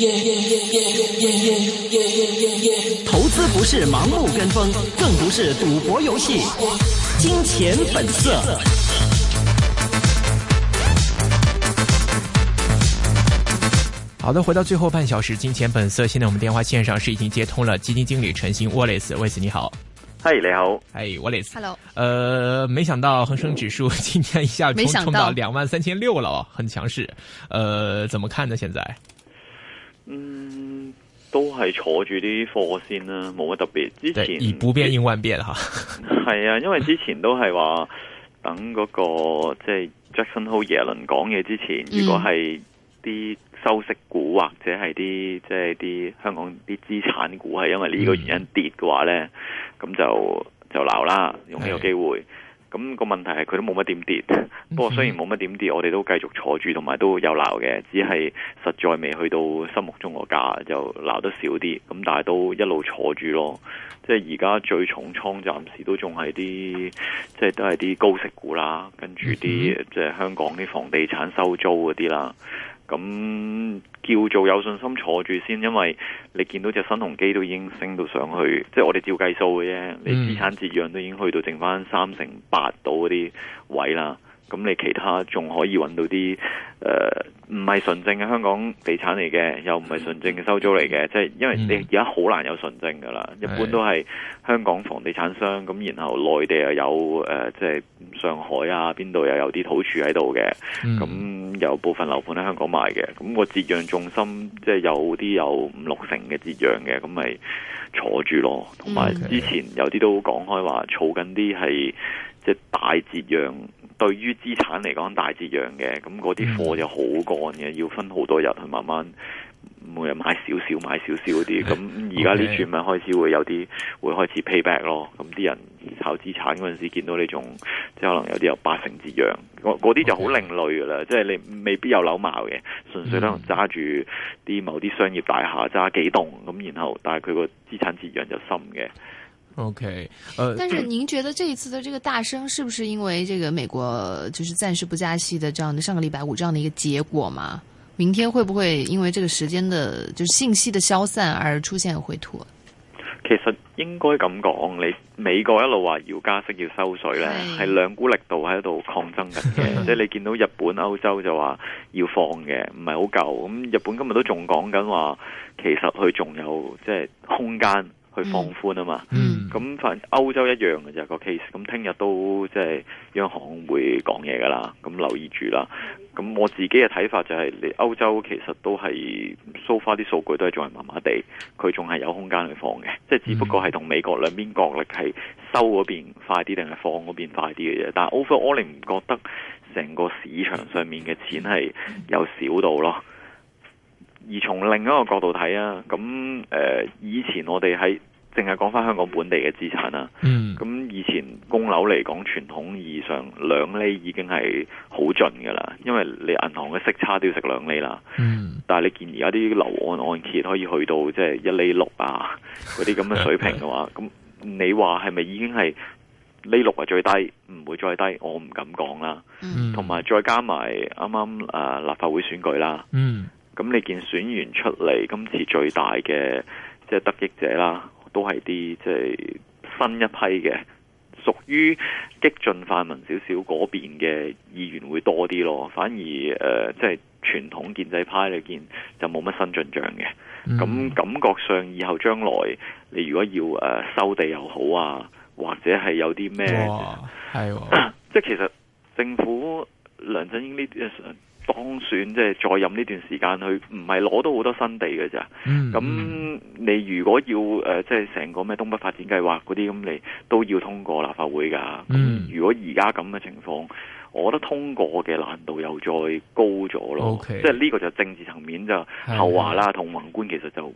Yeah, yeah, yeah, yeah, yeah, yeah, yeah, yeah, 投資不是盲目跟風，更不是賭博遊戲。金錢本色。好的，回到最後半小時，金錢本色。現在我們電話線上是已經接通了基金經理陳昕 Wallace，Wallace 你好。嗨，你好。嗨，Wallace。Hello。呃，沒想到恒生指數今天一下衝到衝到兩萬三千六了，很強勢。呃，怎麼看呢？現在？嗯，都係坐住啲貨先啦，啊，冇乜特別。之前以不變應萬變吓，係 啊，因為之前都係、那個、話等嗰個即係 Jackson Hole 耶倫講嘢之前，如果係啲收息股或者係啲即係啲香港啲資產股係因為呢個原因跌嘅話咧，咁、嗯、就就鬧啦，用呢個機會。嗯咁個問題係佢都冇乜點跌，不過雖然冇乜點跌，我哋都繼續坐住，同埋都有鬧嘅，只係實在未去到心目中個價，就鬧得少啲。咁但係都一路坐住咯。即係而家最重倉暫時都仲係啲，即係都係啲高息股啦，跟住啲即係香港啲房地產收租嗰啲啦。咁叫做有信心坐住先，因為你見到隻新鴻基都已經升到上去，即係我哋照計數嘅啫，你資產折讓都已經去到剩翻三成八到嗰啲位啦。咁你其他仲可以揾到啲，誒唔係純正嘅香港地產嚟嘅，又唔係純正嘅收租嚟嘅，即、嗯、係、就是、因為你而家好難有純正噶啦，一、嗯、般都係香港房地產商，咁、嗯、然後內地又有誒即係上海啊，邊度又有啲土儲喺度嘅，咁、嗯、有部分樓盤喺香港賣嘅，咁個折讓重心即係、就是、有啲有五六成嘅折讓嘅，咁咪坐住咯，同、嗯、埋之前有啲都講開話儲緊啲係。即大折讓，對於資產嚟講大折讓嘅，咁嗰啲貨就好乾嘅、嗯，要分好多日去慢慢，每日買少少買少少啲。咁而家啲轉賣開始會有啲會開始 pay back 咯。咁啲人炒資產嗰陣時見到呢種，即可能有啲有八成折讓，嗰啲就好另類噶啦、嗯。即係你未必有樓買嘅，純粹可能揸住啲某啲商業大廈揸幾棟咁，然後但係佢個資產折讓就深嘅。O K，呃，但是您覺得這一次的這個大升，是不是因為這個美國就是暫時不加息的這樣的上個禮拜五這樣的一個結果嗎？明天會不會因為這個時間的，就是信息的消散而出現回吐？其實應該咁講，你美國一路話要加息要收水呢，係兩股力度喺度抗爭緊嘅，即 係你見到日本、歐洲就話要放嘅，唔係好夠。咁日本今日都仲講緊話，其實佢仲有即係、就是、空間。去放寬啊嘛，咁、嗯嗯、反歐洲一樣嘅就、那個 case，咁聽日都即係央行會講嘢噶啦，咁留意住啦。咁我自己嘅睇法就係、是，你歐洲其實都係 so far 啲數據都係仲係麻麻地，佢仲係有空間去放嘅，即、嗯、係只不過係同美國兩邊角力係收嗰邊快啲定係放嗰邊快啲嘅嘢。但係 overall 我哋唔覺得成個市場上面嘅錢係有少到咯。而從另一個角度睇啊，咁誒、呃、以前我哋喺，淨係講翻香港本地嘅資產啦，咁、嗯、以前供樓嚟講，傳統意義上兩厘已經係好盡嘅啦，因為你銀行嘅息差都要食兩厘啦、嗯。但係你見而家啲樓按按揭可以去到即係、就是、一厘六啊，嗰啲咁嘅水平嘅話，咁 你話係咪已經係呢六係最低，唔會再低？我唔敢講啦。同、嗯、埋再加埋啱啱誒立法會選舉啦，咁、嗯、你見選完出嚟，今次最大嘅即係得益者啦。都係啲即係新一批嘅，屬於激進泛民少少嗰邊嘅議員會多啲咯。反而誒，即係傳統建制派裏面，就冇乜新進象嘅。咁、嗯、感覺上以後將來你如果要誒、呃、收地又好啊，或者係有啲咩，係即係其實政府梁振英呢啲。當選即係、就是、再任呢段時間，佢唔係攞到好多新地嘅咋。咁、mm-hmm. 你如果要誒，即係成個咩東北發展計劃嗰啲咁，咁你都要通過立法會㗎。咁、mm-hmm. 如果而家咁嘅情況。我覺得通過嘅難度又再高咗咯，okay, 即係呢個就政治層面就後話啦，同宏觀其實就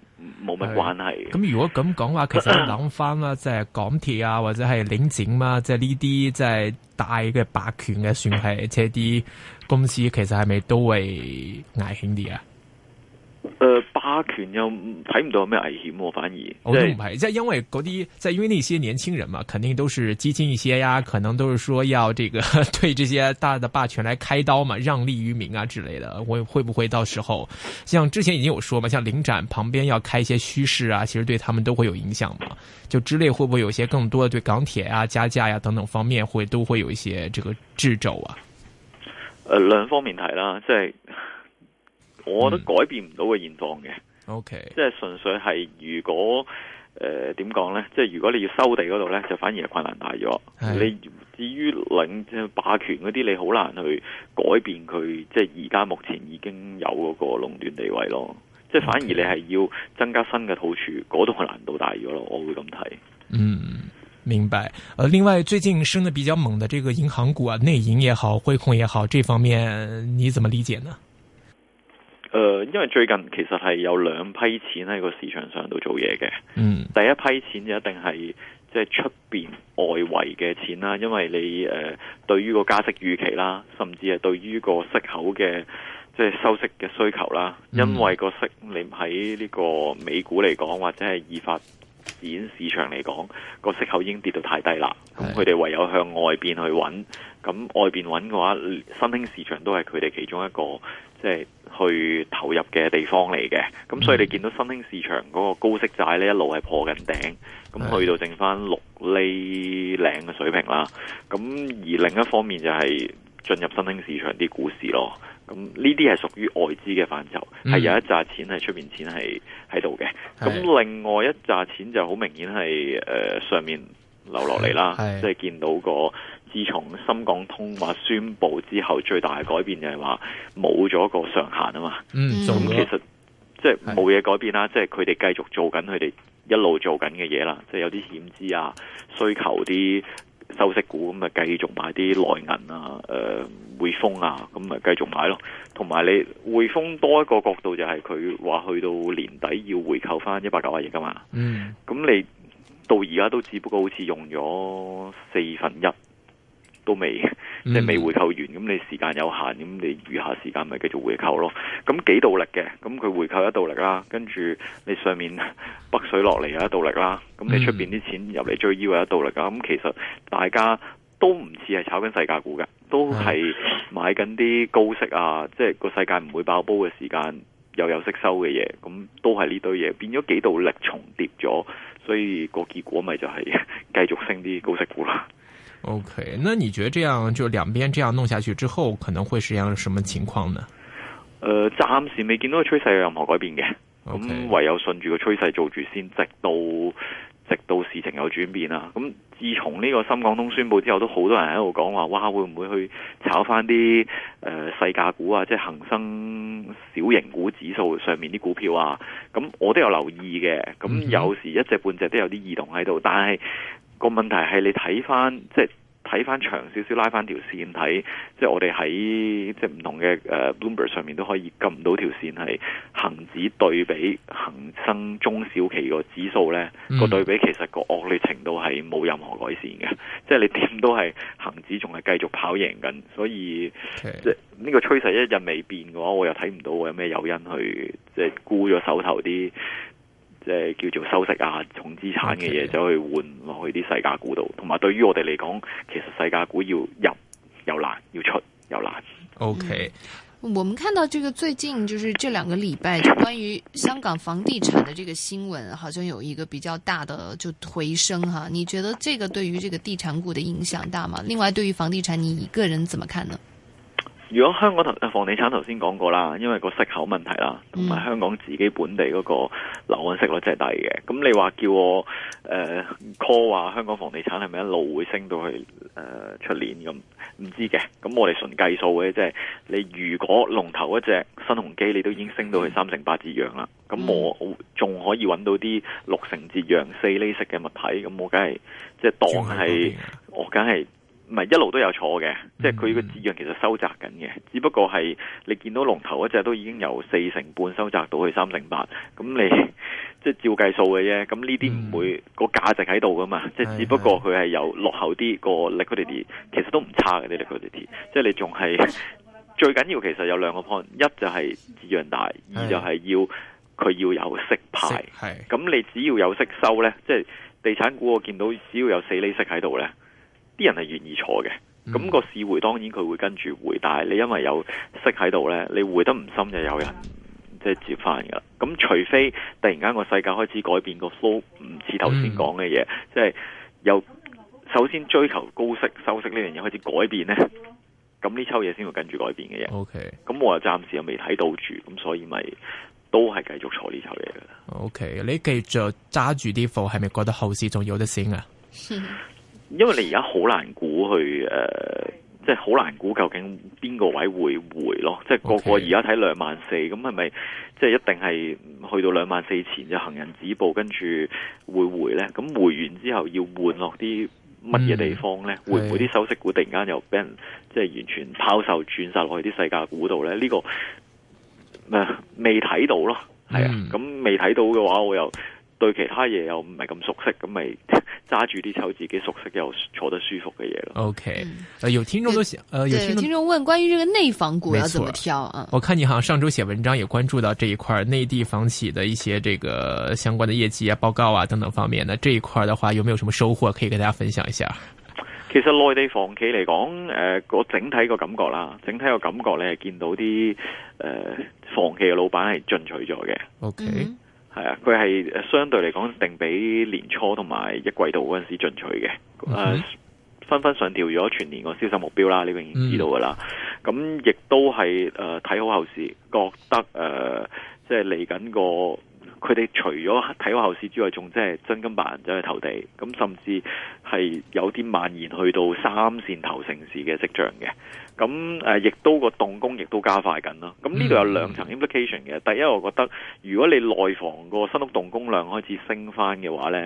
冇乜關係。咁如果咁講話，其實諗翻啦，即係港鐵啊，或者係領展啊，即係呢啲即係大嘅霸權嘅算係車啲公司，其實係咪都會危險啲啊？呃、霸權又睇唔到咩危險喎，反而我都唔即係因為嗰啲，即係因為那些年輕人嘛，肯定都是激進一些呀，啊，可能都是說要這個對這些大的霸權來開刀嘛，讓利於民啊之類的。會會不會到時候，像之前已經有說嘛，像領展旁邊要開一些墟市啊，其實對他們都會有影響嘛。就之類會不會有些更多的對港鐵啊加價呀，啊，等等方面會，會都會有一些這個掣肘啊？誒、呃，兩方面睇啦，即係。我都改變唔到嘅現狀嘅、嗯、，OK，即係純粹係如果誒，點講呢，即係如果你要收地嗰度呢，就反而係困難大咗、哎。你至於領霸權嗰啲，你好難去改變佢，即係而家目前已經有嗰個壟斷地位咯。即、okay, 係反而你係要增加新嘅套處，嗰度係難度大咗咯。我會咁睇。嗯，明白。另外最近升得比較猛嘅這個銀行股啊，內銀也好，匯控也好，這方面你怎麼理解呢？誒，因為最近其實係有兩批錢喺個市場上度做嘢嘅。嗯，第一批錢就一定係即係出邊外圍嘅錢啦，因為你誒對於個加息預期啦，甚至係對於個息口嘅即係收息嘅需求啦。因為個息你喺呢個美股嚟講，或者係已發展市場嚟講，個息口已經跌到太低啦。咁佢哋唯有向外邊去揾，咁外邊揾嘅話，新興市場都係佢哋其中一個。即、就、係、是、去投入嘅地方嚟嘅，咁所以你見到新興市場嗰個高息債呢一，一路係破緊頂，咁去到剩返六厘零嘅水平啦。咁而另一方面就係進入新興市場啲股市咯。咁呢啲係屬於外資嘅範疇，係、嗯、有一紮錢係出面錢，錢係喺度嘅。咁另外一紮錢就好明顯係誒上面流落嚟啦，即、嗯、係見到個。自從深港通話宣佈之後，最大嘅改變就係話冇咗個上限啊嘛。咁、嗯、其實即係冇嘢改變啦，即係佢哋繼續做緊佢哋一路做緊嘅嘢啦。即、就是、有啲險資啊，需求啲收息股咁咪，就繼續買啲內銀啊、誒、呃、匯豐啊，咁咪繼續買咯。同埋你匯豐多一個角度就係佢話去到年底要回購翻一百九十億噶嘛。咁、嗯、你到而家都只不過好似用咗四分一。都未即係未回購完，咁你時間有限，咁你餘下時間咪繼續回購咯。咁幾度力嘅，咁佢回購一度力啦，跟住你上面北水落嚟有一度力啦，咁你出邊啲錢入嚟追腰有一度力噶。咁其實大家都唔似係炒緊世界股嘅，都係買緊啲高息啊，即係個世界唔會爆煲嘅時間，又有息收嘅嘢，咁都係呢堆嘢變咗幾度力重疊咗，所以個結果咪就係繼續升啲高息股啦。O、okay. K，那你覺得這樣就兩邊這樣弄下去之後，可能會是樣什麼情況呢？誒、呃，暫時未見到個趨勢有任何改變嘅，咁、okay. 嗯、唯有順住個趨勢做住先，直到直到事情有轉變啦。咁、嗯、自從呢個深港通宣布之後，都好多人喺度講話，哇，會唔會去炒返啲誒細價股啊，即係恒生小型股指數上面啲股票啊？咁、嗯、我都有留意嘅，咁有時一隻半隻都有啲異動喺度，但、嗯、係。嗯個問題係你睇翻，即係睇翻長少少拉翻條線睇，即係我哋喺即係唔同嘅、呃、Bloomberg 上面都可以撳到條線係恒指對比恒生中小企個指數咧，個、嗯、對比其實個惡劣程度係冇任何改善嘅，嗯、即係你點都係恒指仲係繼續跑贏緊，所以、okay. 即係呢、呢個趨勢一日未變嘅話，我又睇唔到我有咩誘因去即係沽咗手頭啲。即係叫做收息啊，重資產嘅嘢走去換落去啲世界股度，同埋對於我哋嚟講，其實世界股要入又難，要出又難。OK，嗯，我們看到這個最近就是這兩個禮拜，就關於香港房地產的這個新聞，好像有一個比較大的就回升哈。你覺得這個對於這個地產股的影響大嗎？另外，對於房地產，你一個人怎麼看呢？如果香港頭房地產頭先講過啦，因為個息口問題啦，同埋香港自己本地嗰個樓按息率真係低嘅。咁你話叫我誒、呃、call 話香港房地產係咪一路會升到去誒出、呃、年咁？唔知嘅。咁我哋純計數嘅，即、就、係、是、你如果龍頭一隻新鴻基，你都已經升到去三成八字樣啦。咁我仲可以揾到啲六成字樣四厘息嘅物體，咁我梗係即係當係我梗係。唔係一路都有錯嘅，即係佢個折讓其實收窄緊嘅、嗯，只不過係你見到龍頭嗰隻都已經由四成半收窄到去三成八，咁你即係照計數嘅啫。咁呢啲唔會個、嗯、價值喺度噶嘛，即係只不過佢係有落後啲、那個 liquidity、嗯、其實都唔差嘅啲 liquidity、嗯。即、就、係、是、你仲係、嗯、最緊要，其實有兩個 point，一就係折讓大、嗯，二就係要佢要有息派。咁你只要有息收咧，即係地產股我見到只要有四厘息喺度咧。啲人係願意坐嘅，咁、嗯個市回當然佢會跟住回，但係你因為有息喺度咧，你回得唔深就有人即係接翻噶啦。咁除非突然間個世界開始改變個 flow，唔似頭先講嘅嘢，即係由首先追求高息、收息呢樣嘢開始改變咧，咁呢抽嘢先會跟住改變嘅嘢。O K，咁我又暫時又未睇到住，咁所以咪都係繼續坐呢抽嘢噶啦。O K，你繼續揸住啲貨，係咪覺得後市仲要得先啊？ 因為你而家好難估，去、呃、誒，即係好難估究竟邊個位會回咯？即、就、係、是、個個而家睇兩萬四，咁係咪即係一定係去到兩萬四前就行人止步，跟住會回呢？咁回完之後要換落啲乜嘢地方呢？嗯、會唔會啲收息股突然間又俾人即係、就是、完全拋售轉曬落去啲細價股度呢？呢、這個、呃、未睇到咯，係啊，咁、嗯、未睇到嘅話，我又對其他嘢又唔係咁熟悉，咁咪。揸住啲抽自己熟悉又坐得舒服嘅嘢咯。OK，、嗯呃、有聽眾都寫，誒、呃，有聽眾問關於這個內房股要怎麼挑啊？我看你好像上周寫文章也關注到這一塊內地房企的一些這個相關的業績啊、報告啊等等方面。呢這一塊的話，有沒有什麼收穫可以跟大家分享一下？其實內地房企嚟講，誒、呃，個整體個感覺啦，整體個感覺呢，見到啲誒、呃，房企嘅老闆係進取咗嘅。OK、嗯。係啊，佢係相對嚟講定比年初同埋一季度嗰陣時進取嘅，誒、okay. 啊，紛紛上調咗全年個銷售目標啦，你明知道噶啦。咁亦都係誒睇好後市，覺得誒、呃、即係嚟緊個，佢哋除咗睇好後市之外，仲即係真金白銀走去投地，咁、嗯、甚至係有啲蔓延去到三線頭城市嘅跡象嘅。咁亦、呃、都個動工亦都加快緊啦。咁呢度有兩層 implication 嘅。Mm-hmm. 第一，我覺得如果你內房個新屋動工量開始升翻嘅話呢，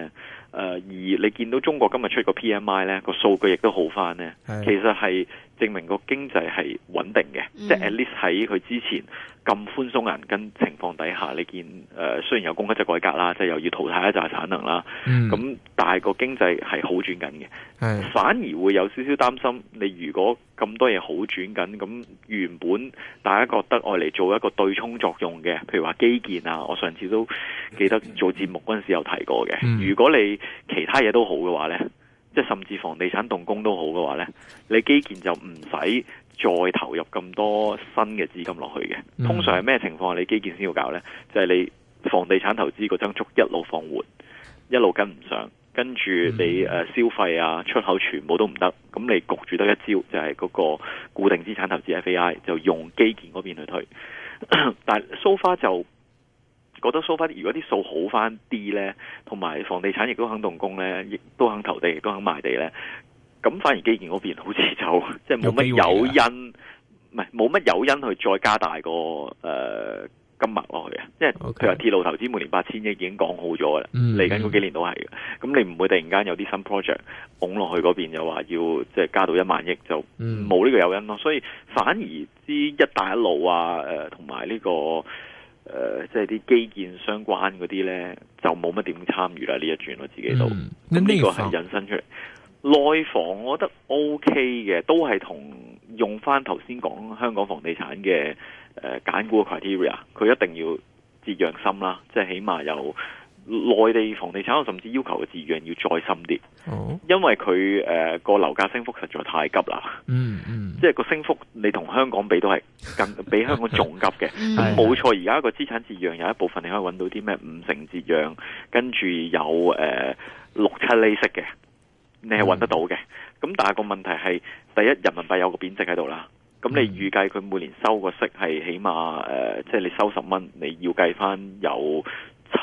誒、呃，而你見到中國今日出個 PMI 呢個數據亦都好翻呢，mm-hmm. 其實係證明個經濟係穩定嘅，即、mm-hmm. 係 at least 喺佢之前咁寬鬆銀根情況底下，你見誒、呃、雖然有供給制改革啦，即、就、係、是、又要淘汰一紮產能啦，咁、mm-hmm. 但係個經濟係好轉緊嘅，mm-hmm. 反而會有少少擔心你如果。咁多嘢好轉緊，咁原本大家覺得我嚟做一個對沖作用嘅，譬如話基建啊，我上次都記得做節目嗰陣時候有提過嘅、嗯。如果你其他嘢都好嘅話咧，即係甚至房地產動工都好嘅話咧，你基建就唔使再投入咁多新嘅資金落去嘅、嗯。通常係咩情況你基建先要搞咧？就係、是、你房地產投資個增速一路放緩，一路跟唔上。跟住你消費啊，出口全部都唔得，咁你焗住得一招，就係、是、嗰個固定資產投資 FAI 就用基建嗰邊去推。但係 so far 就覺得 so far，如果啲數好返啲呢，同埋房地產亦都肯動工呢，亦都肯投地、亦都肯賣地呢。咁反而基建嗰邊好似就即係冇乜誘因，唔係冇乜誘因去再加大個誒。呃今日落去啊，因為、okay. 譬如話鐵路投資每年八千億已經講好咗嘅啦，嚟緊嗰幾年都係嘅，咁你唔會突然間有啲新 project 拱落去嗰邊就話要即係、就是、加到一萬億就冇呢個誘因咯、嗯，所以反而之一帶一路啊，誒同埋呢個誒即係啲基建相關嗰啲咧就冇乜點參與啦，呢一轉我自己都，呢、嗯、個係引申出嚟內房，內房我覺得 OK 嘅，都係同用翻頭先講香港房地產嘅。誒，揀股嘅 criteria，佢一定要折讓深啦，即係起碼有內地房地產甚至要求嘅折讓要再深啲，oh. 因為佢誒個樓價升幅實在太急啦。嗯、mm. 即係個升幅你同香港比都係更比香港仲急嘅。冇 錯，而家個資產折讓有一部分你可以揾到啲咩五成折讓，跟住有誒、呃、六七厘息嘅，你係揾得到嘅。咁、mm. 但係個問題係，第一人民幣有個貶值喺度啦。咁、嗯、你預計佢每年收個息係起碼即係、呃就是、你收十蚊，你要計翻有七、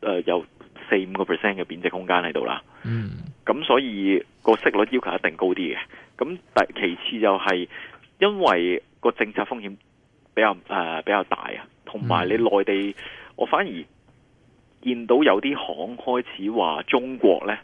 呃、有四五個 percent 嘅貶值空間喺度啦。嗯，咁所以個息率要求一定高啲嘅。咁其次就係因為個政策風險比較、呃、比較大啊，同埋你內地，我反而見到有啲行開始話中國咧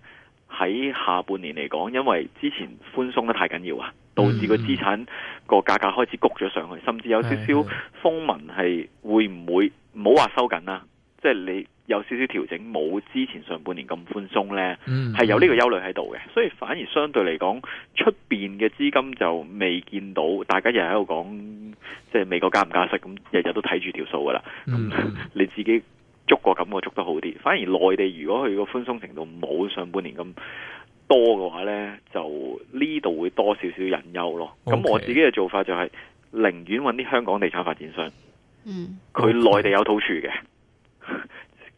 喺下半年嚟講，因為之前寬鬆得太緊要啊。導致個資產個價格開始谷咗上去、嗯，甚至有少少風聞係會唔會唔好話收緊啦？即、就、係、是、你有少少調整，冇之前上半年咁寬鬆呢？係、嗯、有呢個憂慮喺度嘅。所以反而相對嚟講，出面嘅資金就未見到，大家日日喺度講即係美國加唔加息，咁日日都睇住條數噶啦。嗯、 你自己捉個感覺捉得好啲，反而內地如果佢個寬鬆程度冇上半年咁多嘅話呢，就呢度會多少少隱憂咯。咁、okay. 我自己嘅做法就係寧願揾啲香港地產發展商，嗯，佢內地有土處嘅。咁、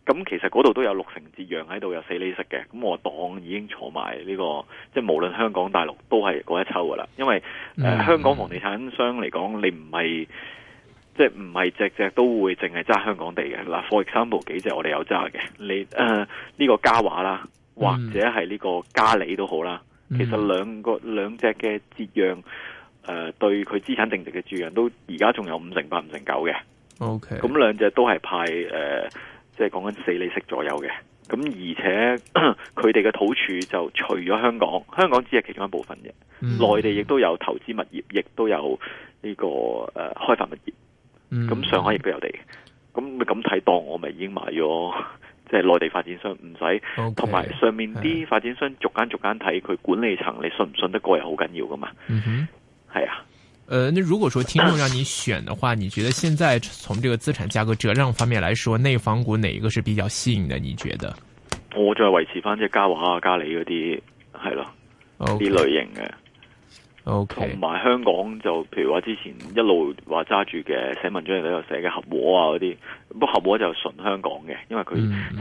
okay. 嗯、其實嗰度都有六成折讓喺度，有四厘息嘅。咁我黨已經坐埋呢、這個，即係無論香港、大陸都係嗰一抽噶啦。因為、mm. 呃、香港房地產商嚟講，你唔係即係唔係只只都會淨係揸香港地嘅。嗱，for example 幾隻我哋有揸嘅，你誒呢、呃這個嘉華啦。或者係呢個加利都好啦、嗯，其實兩個兩隻嘅折讓，誒、呃、對佢資產淨值嘅折讓都而家仲有五成八、五成九嘅。O K，咁兩隻都係派誒，即係講緊四釐息左右嘅。咁而且佢哋嘅好處就除咗香港，香港只係其中一部分嘅，內、嗯、地亦都有投資物業，亦都有呢、這個誒、呃、開發物業。咁、嗯、上海亦都有地。咁咁睇當我咪已經買咗。即、就、係、是、內地發展商唔使，同埋、okay, 上面啲發展商逐間逐間睇佢管理層，你信唔信得過係好緊要噶嘛？嗯哼，係啊，誒、呃，那如果說聽眾讓你選嘅話，你覺得現在從這個資產價格折讓方面來說，內房股哪一個是比較吸引的？你覺得？我再維持翻即係嘉華啊、嘉里嗰啲係咯，啲、okay. 類型嘅。同、okay. 埋香港就，譬如話之前一路話揸住嘅寫文章喺度寫嘅合和啊啲，不過合和就純香港嘅，因為佢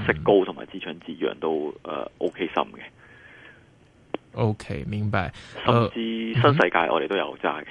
息高同埋資產折讓都誒 O K 深嘅。呃、o、okay、K、okay, 明白，uh, 甚至新世界我哋都有揸嘅。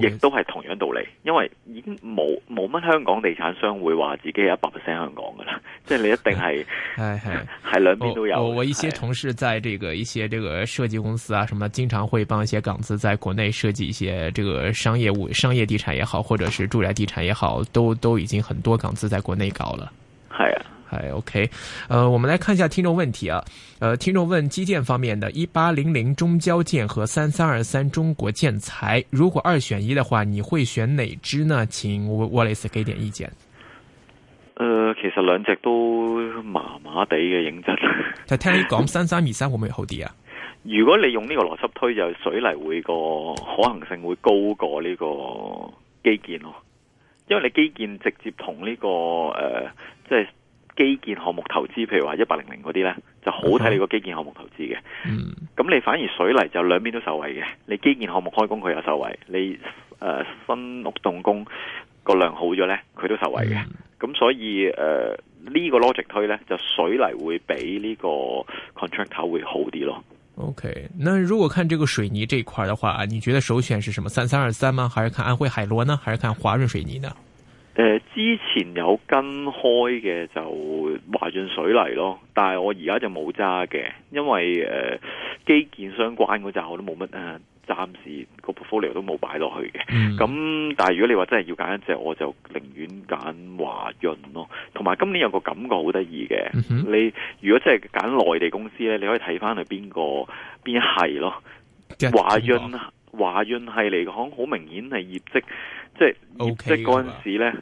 亦都係同樣道理，因為已經冇冇乜香港地產商會話自己有一百 percent 香港噶啦，即係你一定係係係兩邊都有我。我一些同事，在這個一些這個設計公司啊，什麼，經常會幫一些港資在國內設計一些這個商業物、商業地產也好，或者是住宅地產也好，都都已經很多港資在國內搞了。係啊。哎，OK，呃、uh,，我們來看一下聽眾問題啊，呃、uh,，聽眾問基建方面的，一八零零中交建和三三二三中國建材，如果二選一的話，你會選哪支呢？請 Wallace 給點意見。呃，其實兩隻都麻麻地嘅認真，就 聽你講三三二三會唔會好啲啊？ 如果你用呢個邏輯推就是、水泥會個可能性會高過呢個基建咯，因為你基建直接同呢、這個誒、呃、即係。基建項目投資，譬如話一百零零嗰啲呢，就好睇你個基建項目投資嘅。咁、嗯、你反而水泥就兩邊都受惠嘅，你基建項目開工佢又受惠，你誒、呃、新屋動工個量好咗呢，佢都受惠嘅。咁、嗯、所以誒呢、呃這個 logic 推呢，就水泥會比呢個 contractor 會好啲咯。OK，那如果看這個水泥這一塊的話，你覺得首選是什麼？三三二三嗎？還是看安徽海螺呢？還是看華潤水泥呢？呃、之前有跟開嘅就華潤水泥咯，但係我而家就冇揸嘅，因為誒、呃、基建相關嗰隻我都冇乜，暫時個 portfolio 都冇擺落去嘅。咁、嗯、但係如果你話真係要揀一隻，我就寧願揀華潤咯。同埋今年有個感覺好得意嘅，你如果真係揀內地公司呢，你可以睇翻去邊個邊係咯。華潤。嗯華潤係嚟講，好明顯係業績，即係業績嗰陣時咧，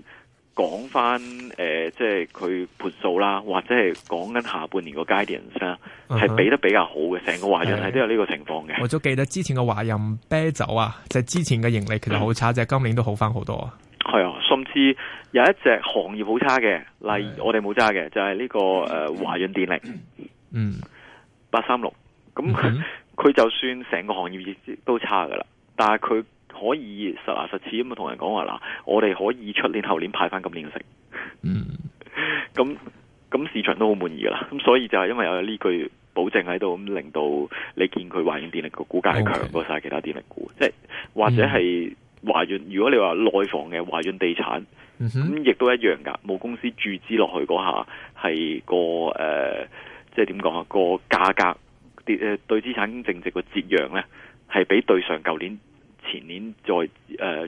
講翻誒，即係佢盤數啦，或者係講緊下半年個 guidance 啦，係、uh-huh. 比得比較好嘅。成個華潤係都有呢個情況嘅。我都記得之前嘅華潤啤酒啊，就是、之前嘅盈利其實好差，就、mm. 係今年都好翻好多，啊。係啊，甚至有一隻行業好差嘅，例如我哋冇揸嘅，就係、是、呢個誒華潤電力，嗯，mm. mm-hmm.，八三六咁。佢就算成個行業業績都差嘅啦，但係佢可以實牙實齒咁同人講話啦，我哋可以出年後年派翻咁年息，嗯，咁 咁市場都好滿意噶啦，咁所以就係因為有呢句保證喺度，咁令到你見佢華潤電力個股價係強過晒其他電力股，即、嗯、係或者係華潤，如果你話內房嘅華潤地產，咁、嗯、亦都一樣㗎，冇公司注資落去嗰下係個誒、呃，即係點講啊個價格。誒對資產淨值嘅折讓咧，係比對上舊年。前年在誒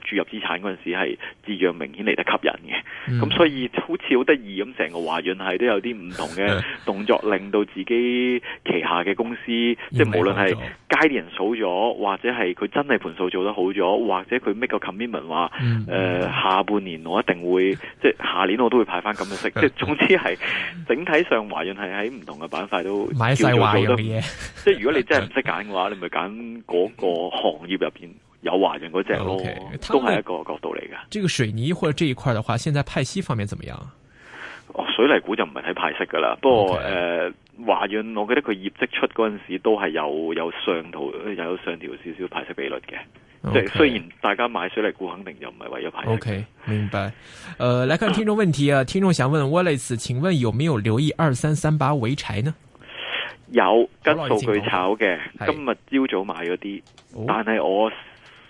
注入資產嗰陣時，係姿樣明顯嚟得吸引嘅。咁、嗯、所以好似好得意咁，成個華潤係都有啲唔同嘅動作， 令到自己旗下嘅公司，即係無論係街段數咗，或者係佢真係盤數做得好咗，或者佢 make 個 commitment 話誒、嗯呃、下半年我一定會， 即係下年我都會派翻咁嘅息，即 係總之係整體上華潤係喺唔同嘅板塊都叫做做得嘢。即係如果你真係唔識揀嘅話， 你咪揀嗰個行業入邊。有華潤嗰隻，咯，都係一個角度嚟㗎。這個水泥或者這一塊的話，現在派息方面怎麼樣？哦，水泥股就唔係睇派息㗎喇。不過誒、okay，呃，華潤，我記得佢業績出嗰陣時都係有，有上圖又有上調少少派息比率嘅。Okay，雖然大家買水泥股肯定就唔係為咗派息。OK，明白。誒、呃，來看聽眾問題啊！聽眾想問、啊、Wallace，請問有沒有留意二三三八濰柴呢？有跟住佢炒嘅，今日朝早買咗啲、哦，但係我。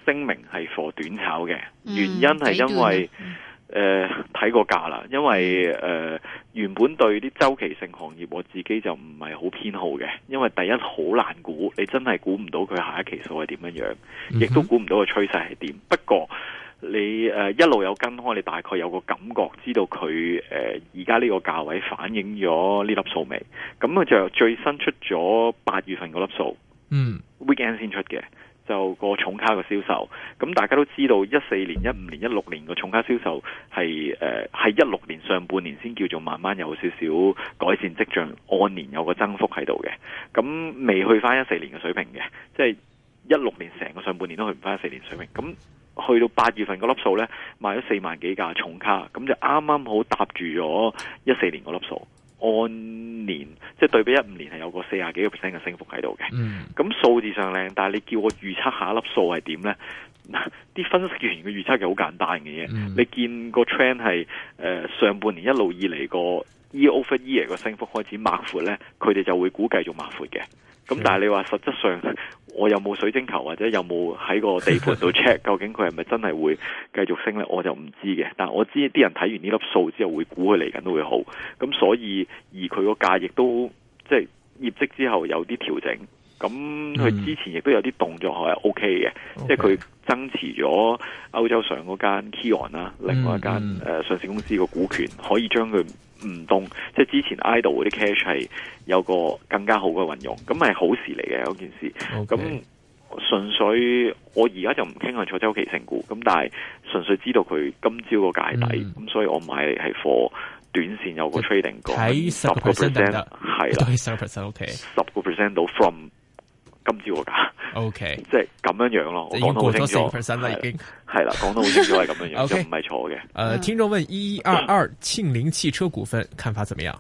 聲明係 for 短炒嘅，嗯、原因係因為誒睇過價啦，因為誒、呃、原本對啲週期性行業我自己就唔係好偏好嘅，因為第一好難估，你真係估唔到佢下一期數係點樣樣，亦都估唔到個趨勢係點。不過你誒、呃、一路有跟開，你大概有個感覺，知道佢誒而家呢個價位反映咗呢粒數未？咁佢就最新出咗八月份嗰粒數，嗯，weekend 先出嘅。就個重卡嘅銷售，咁大家都知道，一四年、一五年、一六年個重卡銷售係誒係一六年上半年先叫做慢慢有少少改善跡象，按年有個增幅喺度嘅，咁未去翻一四年嘅水平嘅，即係一六年成個上半年都去唔翻一四年水平，咁去到八月份個粒數呢，賣咗四萬幾架重卡，咁就啱啱好搭住咗一四年個粒數。按年即係對比一五年係有個四十幾個 percent 嘅升幅喺度嘅，咁數字上靚，但係你叫我預測下一粒數係點咧？啲 分析員嘅預測係好簡單嘅嘢，mm. 你見個 trend 係誒、呃、上半年一路以嚟個 year over year 個升幅開始擴闊咧，佢哋就會估計仲擴闊嘅。咁、嗯、但係你話實質上，我有冇水晶球或者有冇喺個地盤度 check 究竟佢係咪真係會繼續升呢？我就唔知嘅。但係我知啲人睇完呢粒數之後會估佢嚟緊都會好，咁所以而佢個價亦都即係業績之後有啲調整，咁佢之前亦都有啲動作係 OK 嘅，即係佢增持咗歐洲上嗰間 Kion 啦，另外一間上市公司個股權，可以將佢。唔動，即係之前 IDOL 嗰啲 cash 係有個更加好嘅運用，咁係好事嚟嘅嗰件事。咁、okay. 純粹我而家就唔傾向坐周期性股，咁但係純粹知道佢今朝個界底，咁、嗯嗯、所以我買嚟係貨，短線有個 trading 個十個 percent 得係啦，十個 percent OK，十個 percent 到 from。今朝噶，OK，即係咁樣樣咯，我講到已經係啦，講到好清楚係咁樣樣， okay. 就唔係錯嘅。誒、呃，聽眾問：一、一、二、二慶鈴汽車股份 看法怎麼樣？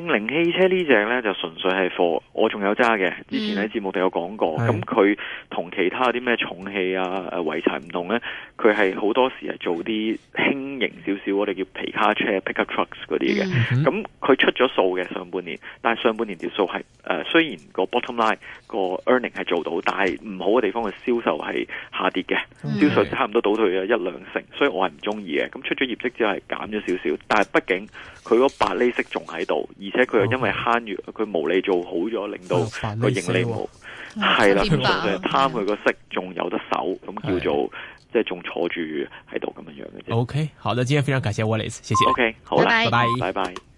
慶鈴汽車呢隻呢，就純粹係貨，我仲有揸嘅，之前喺節目度有講過。咁佢同其他啲咩重汽啊、誒濰柴唔同呢？佢係好多時係做啲輕型少少，我哋叫皮卡車 （pickup trucks） 嗰啲嘅。咁佢、嗯嗯、出咗數嘅上半年，但係上半年條數係誒，雖然個 bottom line 個 earning 係做到，但係唔好嘅地方佢銷售係下跌嘅，銷、嗯、售差唔多倒退咗一兩成，所以我係唔中意嘅。咁出咗業績之後係減咗少少，但係畢竟佢嗰白色仲喺度。而且佢又因為慳住，佢、okay. 毛利做好咗，令到個盈利冇，係、哦、啦。佢仲係貪佢個息，仲有得手咁、嗯、叫做即係仲坐住喺度咁樣樣嘅。O、okay, K，好的，今天非常感謝 Wallace，謝謝。O、okay, K，好啦，拜拜，拜拜。